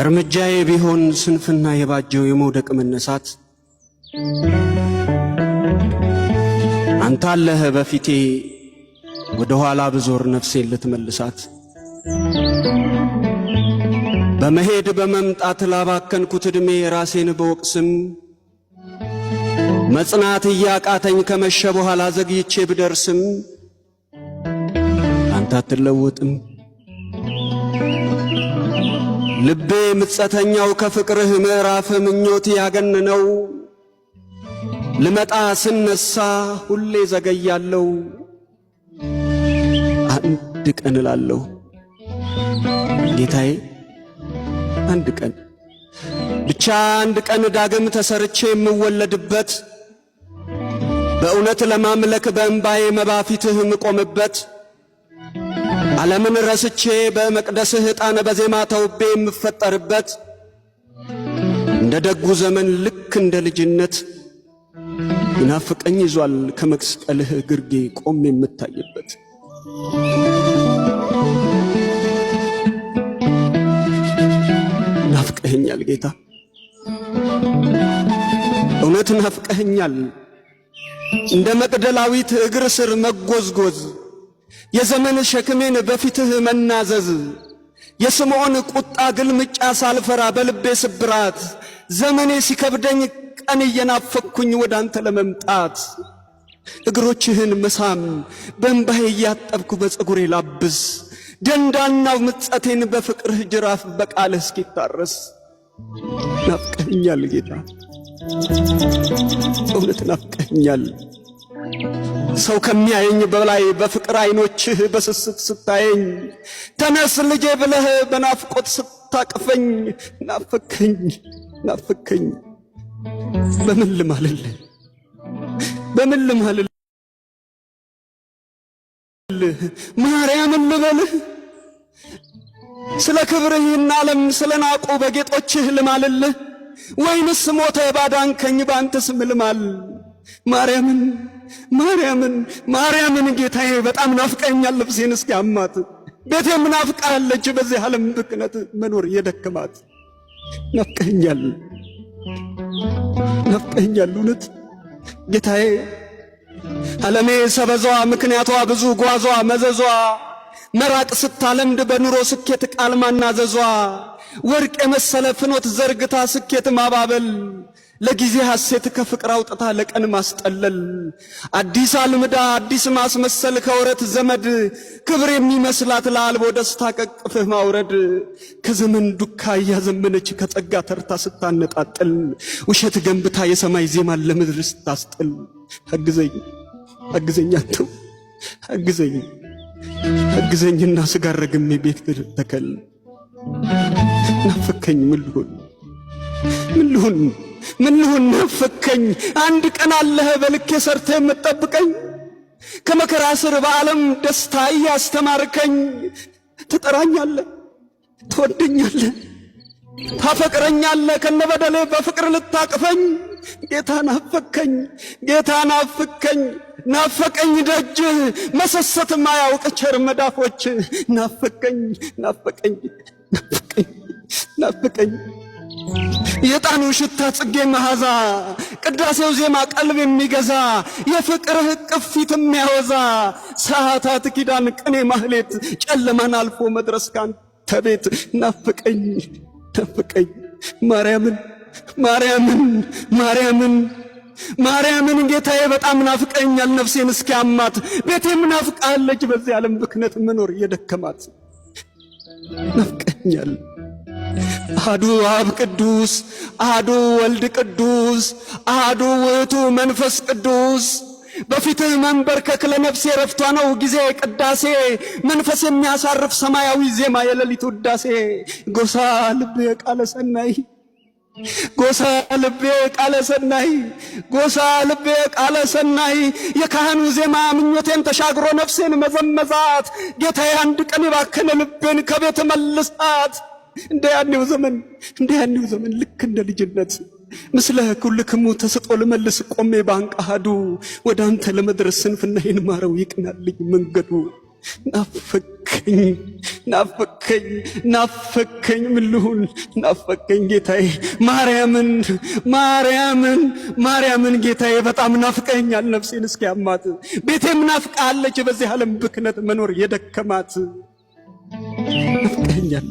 እርምጃዬ ቢሆን ስንፍና የባጀው የመውደቅ መነሳት አንተ አለህ በፊቴ ወደ ኋላ ብዞር ነፍሴን ልትመልሳት በመሄድ በመምጣት ላባከንኩት ዕድሜ ራሴን በወቅስም መጽናት እያቃተኝ ከመሸ በኋላ ዘግይቼ ብደርስም አንተ አትለወጥም። ልቤ ምጸተኛው ከፍቅርህ ምዕራፍ ምኞት ያገነነው ልመጣ ስነሳ ሁሌ ዘገያለው አንድ ቀን እላለሁ ጌታዬ አንድ ቀን ብቻ አንድ ቀን ዳግም ተሰርቼ የምወለድበት በእውነት ለማምለክ በእንባዬ መባፊትህ ቆምበት። ምቆምበት ዓለምን ረስቼ በመቅደስህ ዕጣን በዜማ ተውቤ የምፈጠርበት እንደ ደጉ ዘመን ልክ እንደ ልጅነት ይናፍቀኝ ይዟል ከመስቀልህ ግርጌ ቆም የምታይበት ናፍቀኸኛል ጌታ እውነት ናፍቀኸኛል እንደ መቅደላዊት እግር ስር መጎዝጎዝ የዘመን ሸክሜን በፊትህ መናዘዝ የስምዖን ቁጣ ግልምጫ ሳልፈራ በልቤ ስብራት ዘመኔ ሲከብደኝ ቀን እየናፈኩኝ ወደ አንተ ለመምጣት እግሮችህን መሳም በእንባዬ እያጠብኩ በጸጉሬ ላብስ ደንዳናው ምጸቴን በፍቅርህ ጅራፍ በቃልህ እስኪታረስ ናፍቀኛል ጌታ፣ በእውነት ናፍቀኛል። ሰው ከሚያየኝ በላይ በፍቅር አይኖችህ በስስት ስታየኝ፣ ተነስ ልጄ ብለህ በናፍቆት ስታቅፈኝ፣ ናፍከኝ ናፍከኝ በምን ልማልልህ በምን ልማልልህ ማርያም ልበልህ ስለ ክብርህ ይህን ስለ ናቁ በጌጦችህ ልማልልህ ወይንስ ሞተ ባዳንከኝ በአንተ ስም ልማል ማርያምን ማርያምን ማርያምን ጌታዬ በጣም ናፍቀኛል። ልብሴን እስኪ አማት ቤቴም ናፍቃለች። በዚህ ዓለም ብክነት መኖር የደከማት ናፍቀኛል፣ ናፍቀኛል። እውነት ጌታዬ ዓለሜ ሰበዟ፣ ምክንያቷ ብዙ፣ ጓዟ መዘዟ መራቅ ስታለምድ በኑሮ ስኬት ቃል ማናዘዟ ወርቅ የመሰለ ፍኖት ዘርግታ ስኬት ማባበል ለጊዜ ሐሴት ከፍቅር አውጥታ ለቀን ማስጠለል አዲስ አልምዳ አዲስ ማስመሰል ከወረት ዘመድ ክብር የሚመስላት ለአልቦ ደስታ ቀቅፍህ ማውረድ ከዘመን ዱካ እያዘመነች ከጸጋ ተርታ ስታነጣጥል ውሸት ገንብታ የሰማይ ዜማን ለምድር ስታስጥል አግዘኝ አግዘኝ አንተው አግዘኝ አግዘኝና ስጋር ቤት ተከል ናፈከኝ ምልሁን ምልሁን ምንሁን ናፈከኝ አንድ ቀን አለህ በልኬ ሰርተ የምትጠብቀኝ ከመከራ ስር በዓለም ደስታ እያስተማርከኝ ትጠራኛለህ፣ ትወደኛለህ፣ ታፈቅረኛለህ ከነበደሌ በፍቅር ልታቅፈኝ ጌታ ናፈከኝ፣ ጌታ ናፈከኝ፣ ናፈቀኝ ደጅ መሰሰት ማያውቅ ቸር መዳፎች ናፈቀኝ፣ ናፈቀኝ፣ ናፈቀኝ፣ ናፈቀኝ የዕጣኑ ሽታ ጽጌ መሃዛ ቅዳሴው ዜማ ቀልብ የሚገዛ የፍቅርህ ቅፊት የሚያወዛ ሰዓታት ኪዳን ቅኔ ማህሌት ጨለማን አልፎ መድረስ ካንተ ቤት ናፍቀኝ ናፍቀኝ ማርያምን ማርያምን ማርያምን ማርያምን ጌታዬ በጣም ናፍቀኛል ነፍሴን እስኪያማት ቤቴም ናፍቃለች በዚህ ዓለም ብክነት መኖር እየደከማት ናፍቀኛል አዱ አብ ቅዱስ፣ አዱ ወልድ ቅዱስ፣ አዱ ውእቱ መንፈስ ቅዱስ። በፊትህ መንበርከክ ለነፍሴ ረፍቷ ነው ጊዜ ቅዳሴ መንፈስ የሚያሳርፍ ሰማያዊ ዜማ የሌሊት ውዳሴ ጎሳ ልቤ ቃለ ሰናይ ጎሳ ልቤ ቃለ ሰናይ ጎሳ ልቤ ቃለ ሰናይ የካህኑ ዜማ ምኞቴን ተሻግሮ ነፍሴን መዘመዛት ጌታዬ አንድ ቀን የባከነ ልቤን ከቤት መልሳት እንደ ያኔው ዘመን እንደ ያኔው ዘመን ልክ እንደ ልጅነት ምስለ ኩልክሙ ተሰጦ ልመልስ ቆሜ ባንቃሃዱ ወደ አንተ ለመድረስ ስንፍናዬን ማረው ይቅናልኝ መንገዱ። ናፈከኝ ናፈከኝ ናፈከኝ ምልሁን ናፈከኝ ጌታዬ ማርያምን ማርያምን ማርያምን ጌታዬ በጣም ናፍቀኛል። ነፍሴን እስኪ ያማት ቤቴም ናፍቃለች። በዚህ ዓለም ብክነት መኖር የደከማት ናፍቀኛል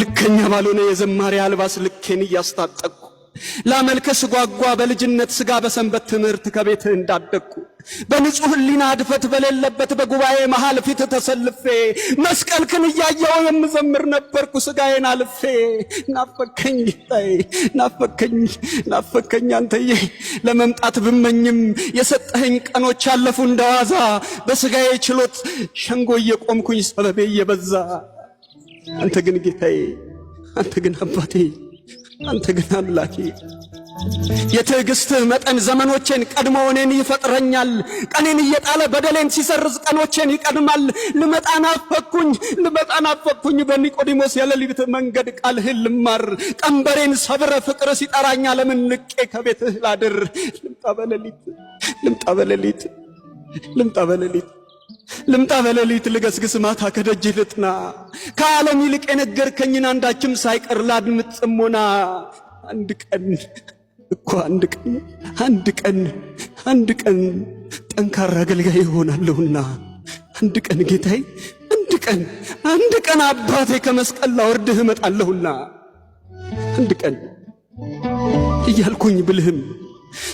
ልከኛ ባልሆነ የዘማሪ አልባስ ልኬን እያስታጠቅኩ ላመልከ ስጓጓ በልጅነት ስጋ በሰንበት ትምህርት ከቤትህ እንዳደግኩ በንጹህ ሕሊና እድፈት በሌለበት በጉባኤ መሃል ፊት ተሰልፌ መስቀልክን እያየው የምዘምር ነበርኩ። ስጋዬን አልፌ ናፈከኝ ጌታዬ፣ ናፈከኝ ናፈከኝ አንተዬ። ለመምጣት ብመኝም የሰጠኸኝ ቀኖች አለፉ እንደዋዛ በስጋዬ ችሎት ሸንጎ እየቆምኩኝ ሰበቤ እየበዛ አንተ ግን ጌታዬ፣ አንተ ግን አባቴ አንተ ግን አምላኬ የትዕግሥትህ መጠን ዘመኖቼን ቀድሞ እኔን ይፈጥረኛል። ቀኔን እየጣለ በደሌን ሲሰርዝ ቀኖቼን ይቀድማል። ልመጣ ናፈኩኝ ልመጣ ናፈኩኝ በኒቆዲሞስ የሌሊት መንገድ ቃልህን ልማር። ቀንበሬን ሰብረ ፍቅር ሲጠራኛ ለምን ንቄ ከቤትህ ላድር። ልምጣ በሌሊት ልምጣ በሌሊት ልምጣ በሌሊት ልምጣ በሌሊት ልገስግስ ማታ ከደጅ ልጥና ከዓለም ይልቅ የነገርከኝን አንዳችም ሳይቀር ላድምጥ ጽሞና አንድ ቀን እኮ አንድ ቀን አንድ ቀን አንድ ቀን ጠንካራ አገልጋይ ይሆናለሁና አንድ ቀን ጌታይ አንድ ቀን አንድ ቀን አባቴ ከመስቀል ላወርድህ እመጣለሁና አንድ ቀን እያልኩኝ ብልህም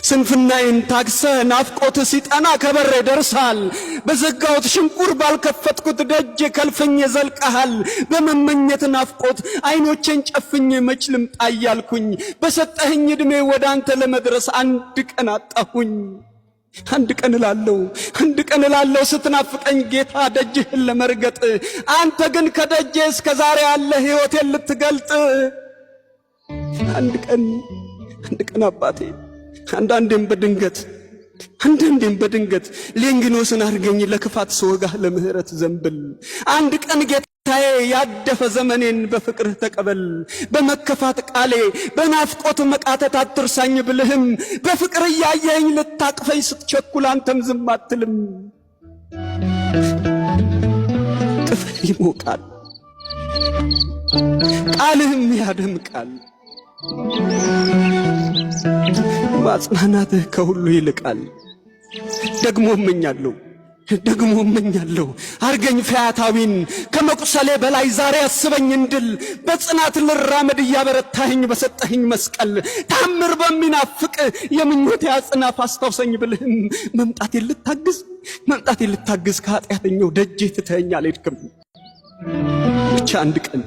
ስንፍናዬን ታግሰህ ናፍቆት ሲጠና ከበሬ ይደርሳል። በዘጋሁት ሽንቁር ባልከፈትኩት ደጅ ከልፈኝ ዘልቀሃል። በመመኘት ናፍቆት አይኖቼን ጨፍኝ መች ልምጣ እያልኩኝ በሰጠህኝ ዕድሜ ወደ አንተ ለመድረስ አንድ ቀን አጣሁኝ። አንድ ቀን እላለሁ አንድ ቀን እላለሁ ስትናፍቀኝ ጌታ ደጅህን ለመርገጥ አንተ ግን ከደጄ እስከ ዛሬ ያለ ሕይወቴን ልትገልጥ አንድ ቀን አንድ ቀን አባቴ አንዳንዴም በድንገት አንዳንዴም በድንገት ሌንጊኖስን አድርገኝ ለክፋት ስወጋህ ለምህረት ዘንብል አንድ ቀን ጌታዬ ያደፈ ዘመኔን በፍቅርህ ተቀበል። በመከፋት ቃሌ በናፍቆት መቃተት አትርሳኝ ብልህም በፍቅር እያየኝ ልታቅፈኝ ስትቸኩል አንተም ዝም አትልም። ቅፍል ይሞቃል ቃልህም ያደምቃል። ማጽናናትህ ከሁሉ ይልቃል። ደግሞ እመኛለሁ ደግሞ እመኛለሁ አርገኝ ፈያታዊን ከመቁሰሌ በላይ ዛሬ አስበኝ እንድል በጽናት ልራመድ እያበረታኸኝ በሰጠኸኝ መስቀል ታምር በሚናፍቅ የምኞቴ አጽናፍ አስታውሰኝ ብልህም መምጣቴ ልታግዝ መምጣቴ ልታግዝ ከኃጢአተኛው ደጄ ትተኸኝ አልሄድክም ብቻ አንድ ቀን